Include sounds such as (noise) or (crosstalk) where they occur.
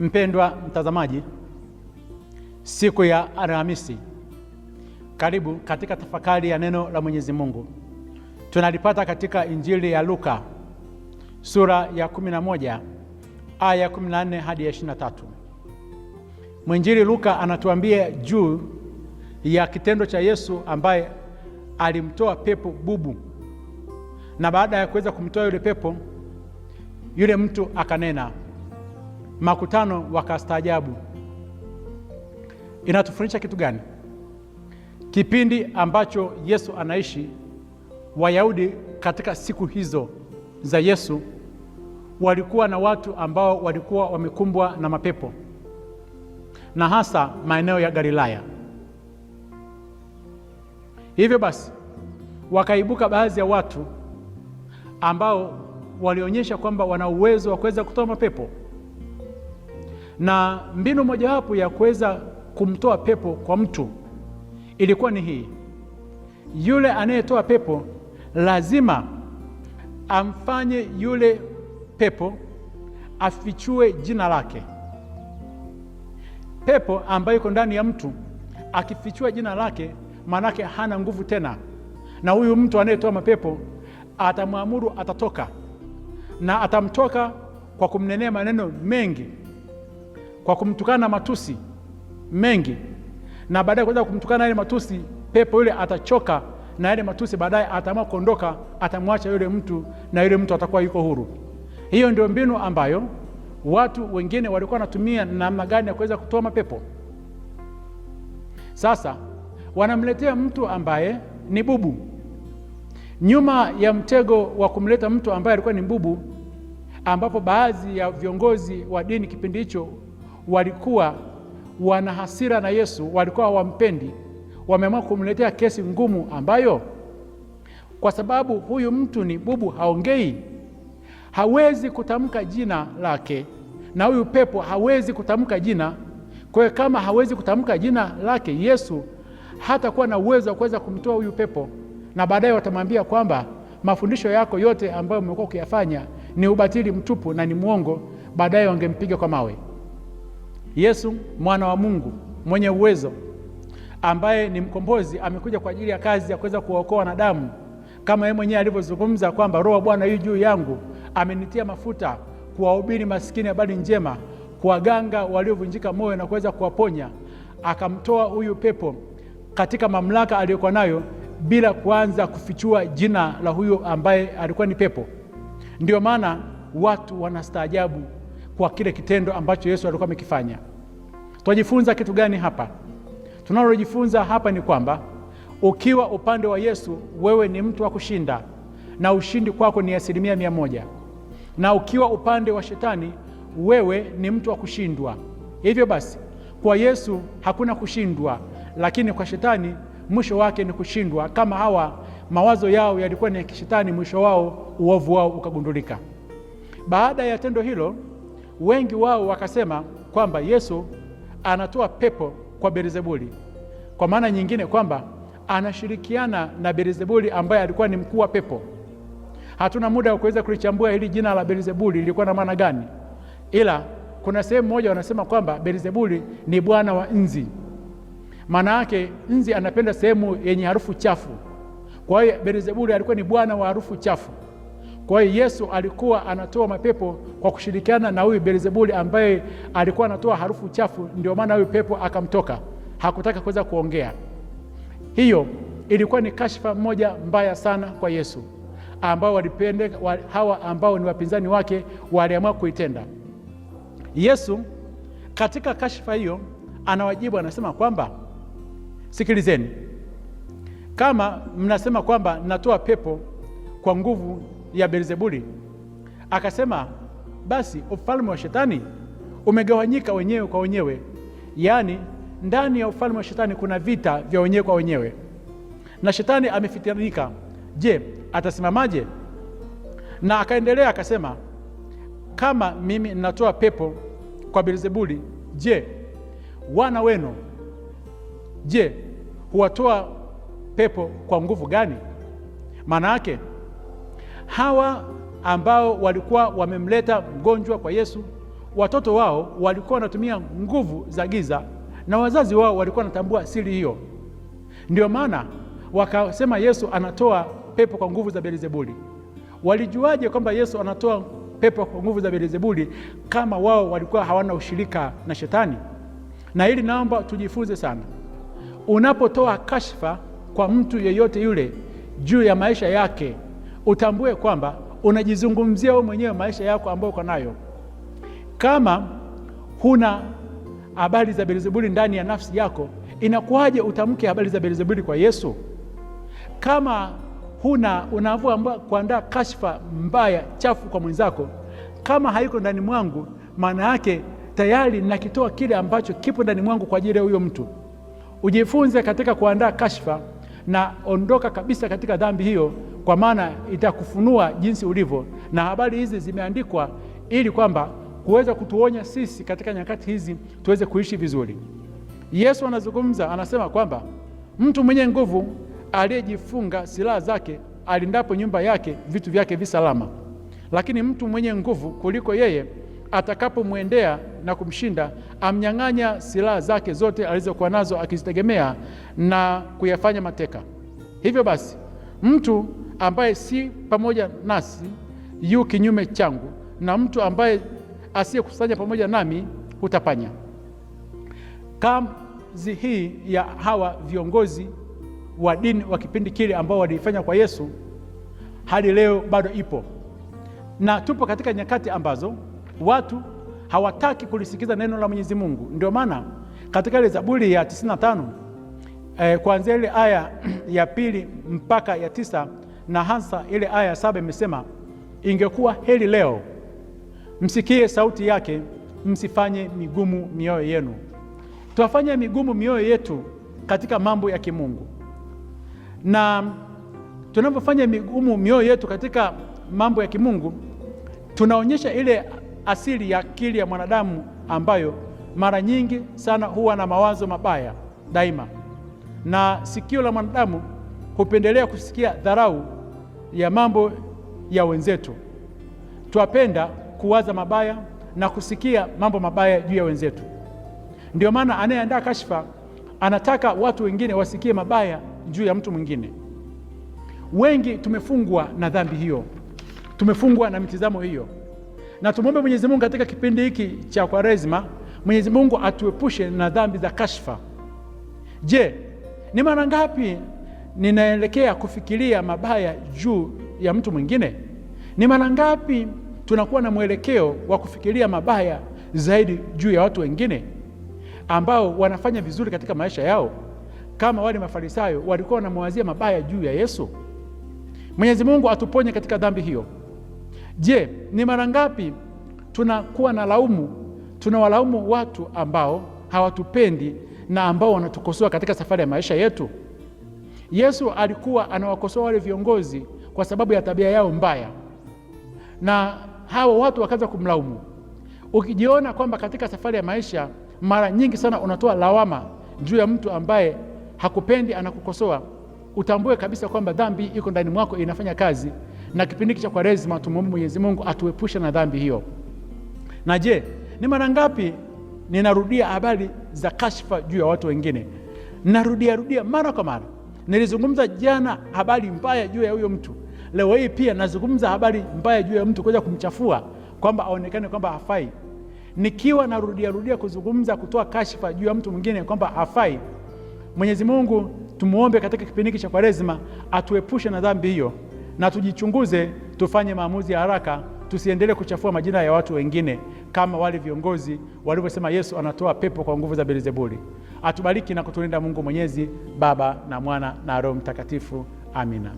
Mpendwa mtazamaji, siku ya Alhamisi, karibu katika tafakari ya neno la Mwenyezi Mungu. Tunalipata katika Injili ya Luka sura ya 11 aya ya 14 hadi ya 23. Mwinjili Luka anatuambia juu ya kitendo cha Yesu ambaye alimtoa pepo bubu, na baada ya kuweza kumtoa yule pepo, yule mtu akanena makutano wakastaajabu. Inatufundisha kitu gani? Kipindi ambacho Yesu anaishi, Wayahudi katika siku hizo za Yesu walikuwa na watu ambao walikuwa wamekumbwa na mapepo na hasa maeneo ya Galilaya. Hivyo basi wakaibuka baadhi ya watu ambao walionyesha kwamba wana uwezo wa kuweza kutoa mapepo. Na mbinu mojawapo ya kuweza kumtoa pepo kwa mtu ilikuwa ni hii: yule anayetoa pepo lazima amfanye yule pepo afichue jina lake. Pepo ambayo iko ndani ya mtu akifichua jina lake, maanake hana nguvu tena, na huyu mtu anayetoa mapepo atamwamuru atatoka, na atamtoka kwa kumnenea maneno mengi kwa kumtukana na matusi mengi, na baadaye kuweza kumtukana yale matusi, pepo yule atachoka na yale matusi, baadaye ataamua kuondoka, atamwacha yule mtu na yule mtu atakuwa yuko huru. Hiyo ndio mbinu ambayo watu wengine walikuwa wanatumia namna gani ya kuweza kutoa mapepo. Sasa wanamletea mtu ambaye ni bubu. Nyuma ya mtego wa kumleta mtu ambaye alikuwa ni bubu, ambapo baadhi ya viongozi wa dini kipindi hicho walikuwa wana hasira na Yesu, walikuwa wampendi wameamua kumletea kesi ngumu, ambayo kwa sababu huyu mtu ni bubu, haongei, hawezi kutamka jina lake, na huyu pepo hawezi kutamka jina. Kwa hiyo kama hawezi kutamka jina lake, Yesu hatakuwa na uwezo wa kuweza kumtoa huyu pepo, na baadaye watamwambia kwamba mafundisho yako yote ambayo umekuwa ukiyafanya ni ubatili mtupu na ni mwongo. Baadaye wangempiga kwa mawe. Yesu mwana wa Mungu mwenye uwezo ambaye ni mkombozi amekuja kwa ajili ya kazi ya kuweza kuwaokoa wanadamu, kama yeye mwenyewe alivyozungumza kwamba Roho wa Bwana yu juu yangu, amenitia mafuta kuwahubiri masikini habari njema, kuwaganga waliovunjika moyo na kuweza kuwaponya. Akamtoa huyu pepo katika mamlaka aliyokuwa nayo bila kuanza kufichua jina la huyo ambaye alikuwa ni pepo. Ndiyo maana watu wanastaajabu kwa kile kitendo ambacho Yesu alikuwa amekifanya. twajifunza kitu gani hapa? Tunalojifunza hapa ni kwamba ukiwa upande wa Yesu wewe ni mtu wa kushinda na ushindi kwako ni asilimia mia moja, na ukiwa upande wa shetani wewe ni mtu wa kushindwa. Hivyo basi, kwa Yesu hakuna kushindwa, lakini kwa shetani mwisho wake ni kushindwa. Kama hawa mawazo yao yalikuwa ni ya kishetani, mwisho wao uovu wao ukagundulika. Baada ya tendo hilo Wengi wao wakasema kwamba Yesu anatoa pepo kwa belzebuli kwa maana nyingine kwamba anashirikiana na belzebuli ambaye alikuwa ni mkuu wa pepo. Hatuna muda wa kuweza kulichambua hili jina la belzebuli lilikuwa na maana gani, ila kuna sehemu moja wanasema kwamba Beelzebuli ni bwana wa nzi. Maana yake nzi anapenda sehemu yenye harufu chafu, kwa hiyo Beelzebuli alikuwa ni bwana wa harufu chafu. Kwa hiyo Yesu alikuwa anatoa mapepo kwa kushirikiana na huyu Beelzebuli ambaye alikuwa anatoa harufu chafu, ndio maana huyu pepo akamtoka, hakutaka kuweza kuongea. Hiyo ilikuwa ni kashfa moja mbaya sana kwa Yesu, ambao walipende hawa ambao ni wapinzani wake waliamua kuitenda. Yesu katika kashfa hiyo anawajibu, anasema kwamba sikilizeni, kama mnasema kwamba natoa pepo kwa nguvu ya Beelzebuli. Akasema, basi ufalme wa shetani umegawanyika wenyewe kwa wenyewe, yaani ndani ya ufalme wa shetani kuna vita vya wenyewe kwa wenyewe, na shetani amefitinika. Je, atasimamaje? Na akaendelea akasema, kama mimi ninatoa pepo kwa Beelzebuli, je, wana wenu, je, huwatoa pepo kwa nguvu gani? Maana yake hawa ambao walikuwa wamemleta mgonjwa kwa Yesu, watoto wao walikuwa wanatumia nguvu za giza na wazazi wao walikuwa wanatambua siri hiyo. Ndio maana wakasema Yesu anatoa pepo kwa nguvu za Beelzebuli. Walijuaje kwamba Yesu anatoa pepo kwa nguvu za Belzebuli kama wao walikuwa hawana ushirika na Shetani? Na hili naomba tujifunze sana. Unapotoa kashfa kwa mtu yeyote yule juu ya maisha yake utambue kwamba unajizungumzia wewe mwenyewe maisha yako ambayo uko nayo. Kama huna habari za belzebuli ndani ya nafsi yako, inakuwaje utamke habari za Beelzebuli kwa Yesu? Kama huna unavua kuandaa kashfa mbaya chafu kwa mwenzako, kama haiko ndani mwangu, maana yake tayari nakitoa kile ambacho kipo ndani mwangu kwa ajili ya huyo mtu. Ujifunze katika kuandaa kashfa na ondoka kabisa katika dhambi hiyo kwa maana itakufunua jinsi ulivyo, na habari hizi zimeandikwa ili kwamba kuweza kutuonya sisi katika nyakati hizi tuweze kuishi vizuri. Yesu anazungumza anasema kwamba mtu mwenye nguvu aliyejifunga silaha zake alindapo nyumba yake vitu vyake visalama, lakini mtu mwenye nguvu kuliko yeye atakapomwendea na kumshinda amnyang'anya silaha zake zote alizokuwa nazo akizitegemea na kuyafanya mateka. Hivyo basi mtu ambaye si pamoja nasi yu kinyume changu, na mtu ambaye asiyekusanya pamoja nami hutapanya. Kazi hii ya hawa viongozi wa dini wa kipindi kile ambao walifanya kwa Yesu hadi leo bado ipo, na tupo katika nyakati ambazo watu hawataki kulisikiza neno la Mwenyezi Mungu. Ndio maana katika ile Zaburi ya 95 eh, kuanzia ile aya (clears throat) ya pili mpaka ya tisa na hasa ile aya ya saba imesema, ingekuwa heri leo msikie sauti yake, msifanye migumu mioyo yenu. Tuwafanye migumu mioyo yetu katika mambo ya kimungu, na tunapofanya migumu mioyo yetu katika mambo ya kimungu, tunaonyesha ile asili ya akili ya mwanadamu ambayo mara nyingi sana huwa na mawazo mabaya daima, na sikio la mwanadamu hupendelea kusikia dharau ya mambo ya wenzetu. Twapenda kuwaza mabaya na kusikia mambo mabaya juu ya wenzetu. Ndio maana anayeandaa kashfa anataka watu wengine wasikie mabaya juu ya mtu mwingine. Wengi tumefungwa na dhambi hiyo, tumefungwa na mitizamo hiyo, na tumwombe Mwenyezi Mungu katika kipindi hiki cha kwarezima Mwenyezi Mungu atuepushe na dhambi za kashfa. Je, ni mara ngapi ninaelekea kufikiria mabaya juu ya mtu mwingine? Ni mara ngapi tunakuwa na mwelekeo wa kufikiria mabaya zaidi juu ya watu wengine ambao wanafanya vizuri katika maisha yao? Kama wale Mafarisayo walikuwa wanamwazia mabaya juu ya Yesu. Mwenyezi Mungu atuponye katika dhambi hiyo. Je, ni mara ngapi tunakuwa na laumu, tunawalaumu watu ambao hawatupendi na ambao wanatukosoa katika safari ya maisha yetu? Yesu alikuwa anawakosoa wale viongozi kwa sababu ya tabia yao mbaya, na hawa watu wakaanza kumlaumu. Ukijiona kwamba katika safari ya maisha mara nyingi sana unatoa lawama juu ya mtu ambaye hakupendi, anakukosoa, utambue kabisa kwamba dhambi iko ndani mwako, inafanya kazi, na kipindi hiki cha Kwaresima tumwombe Mwenyezi Mungu atuepushe na dhambi hiyo. Na je, ni mara ngapi ninarudia habari za kashfa juu ya watu wengine? narudia rudia mara kwa mara Nilizungumza jana habari mbaya juu ya huyo mtu, leo hii pia nazungumza habari mbaya juu ya mtu kuja kumchafua kwamba aonekane kwamba hafai, nikiwa narudia rudia kuzungumza kutoa kashifa juu ya mtu mwingine kwamba hafai. Mwenyezi Mungu tumuombe katika kipindi hiki cha Kwaresma atuepushe na dhambi hiyo, na tujichunguze, tufanye maamuzi ya haraka tusiendelee kuchafua majina ya watu wengine kama wale viongozi walivyosema Yesu anatoa pepo kwa nguvu za Beelzebuli. Atubariki na kutulinda Mungu Mwenyezi, Baba na Mwana na Roho Mtakatifu. Amina.